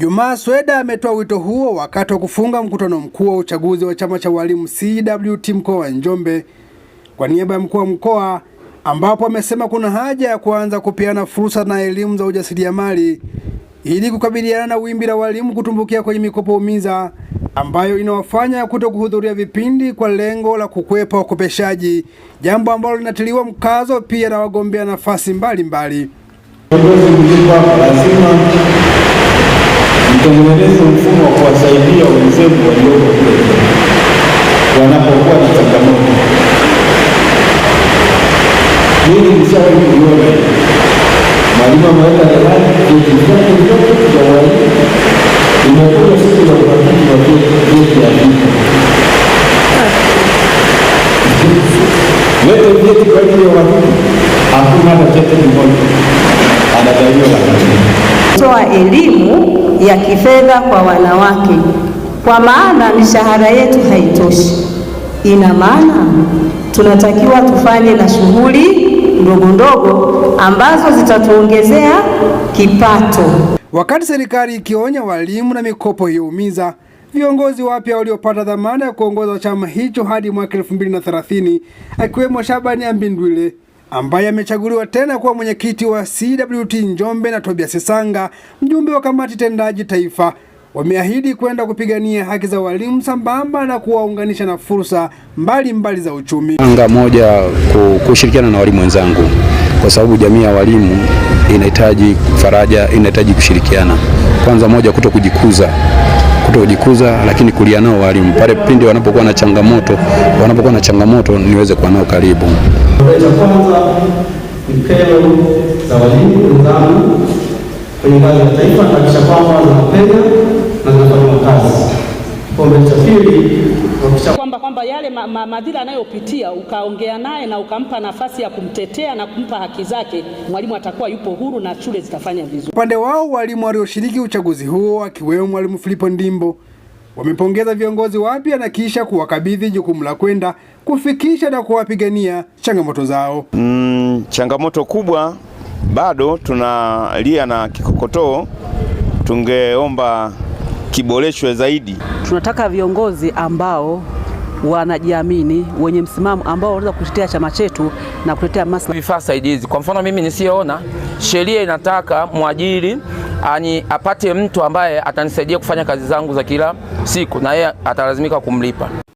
Jumaa Sweda ametoa wito huo wakati wa kufunga mkutano mkuu wa uchaguzi wa chama cha walimu CWT mkoa wa Njombe kwa niaba ya mkuu wa mkoa, ambapo amesema kuna haja ya kuanza kupeana fursa na elimu za ujasiriamali ili kukabiliana na wimbi la walimu kutumbukia kwenye mikopo umiza ambayo inawafanya kuto kuhudhuria vipindi kwa lengo la kukwepa wakopeshaji, jambo ambalo linatiliwa mkazo pia na wagombea nafasi mbalimbali mtengeneze mfumo wa kuwasaidia wenzetu walioko kule wanapokuwa na changamoto. Mimi nishawahi kuiona mwalimu ameweka darasa vyeti vyake vyote vya ualimu, imekuja siku za uhakiki wa vyeti andika lete vyeti kwa ajili ya uhakiki, hakuna hata cheti kimoja anadaiwa kutoa elimu ya kifedha kwa wanawake, kwa maana mishahara yetu haitoshi. Ina maana tunatakiwa tufanye na shughuli ndogo ndogo ambazo zitatuongezea kipato. Wakati serikali ikionya walimu na mikopo hiumiza, viongozi wapya waliopata dhamana ya kuongoza chama hicho hadi mwaka 2030 akiwemo Shabani Ambindwile ambaye amechaguliwa tena kuwa mwenyekiti wa CWT Njombe na Tobias Sesanga, mjumbe wa kamati tendaji taifa, wameahidi kwenda kupigania haki za walimu sambamba na kuwaunganisha na fursa mbalimbali mbali za uchumi. Anga moja kushirikiana na walimu wenzangu kwa sababu jamii ya walimu inahitaji faraja, inahitaji kushirikiana. Kwanza moja, kuto kujikuza kujikuza lakini kulia nao walimu pale pindi wanapokuwa na changamoto, wanapokuwa na changamoto niweze kuwa nao karibu. Kwanza ni kero za walimu wenzangu kwenye ngazi ya taifa, kuhakikisha kwamba zinapenya na zinafanywa kazi kwamba kwamba yale ma, ma, madhila anayopitia ukaongea naye na ukampa nafasi ya kumtetea na kumpa haki zake, mwalimu atakuwa yupo huru na shule zitafanya vizuri. Upande wao walimu walioshiriki uchaguzi huo akiwemo mwalimu Filipo Ndimbo wamepongeza viongozi wapya na kisha kuwakabidhi jukumu la kwenda kufikisha na kuwapigania changamoto zao. Mm, changamoto kubwa bado tunalia na kikokotoo, tungeomba kiboreshwe zaidi. Tunataka viongozi ambao wanajiamini wenye msimamo ambao wanaweza kutetea chama chetu na kutetea maslahi. Vifaa saidizi, kwa mfano mimi nisiyoona, sheria inataka mwajiri ani apate mtu ambaye atanisaidia kufanya kazi zangu za kila siku, na yeye atalazimika kumlipa.